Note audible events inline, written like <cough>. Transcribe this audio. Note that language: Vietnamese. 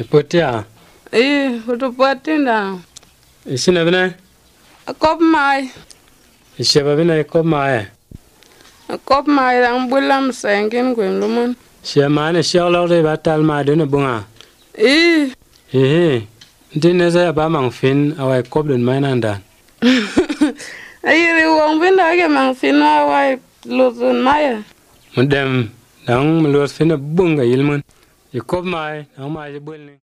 Ipotea. Eh, utupatinda. Ishina bina? Akop mai. Isheba bina ikop mai. Akop mai lang bulam sengin kwem lumun. Shia maane shia lo re batal ma dene bunga. Eh. Eh. Ndine za ba mang fin awai kop den mai nanda. Ayiri <laughs> wong bin da ke mang fin awai lutun mai. Mudem dang mulut fin bunga yilmun. Ficou mais, não mais, é bonito.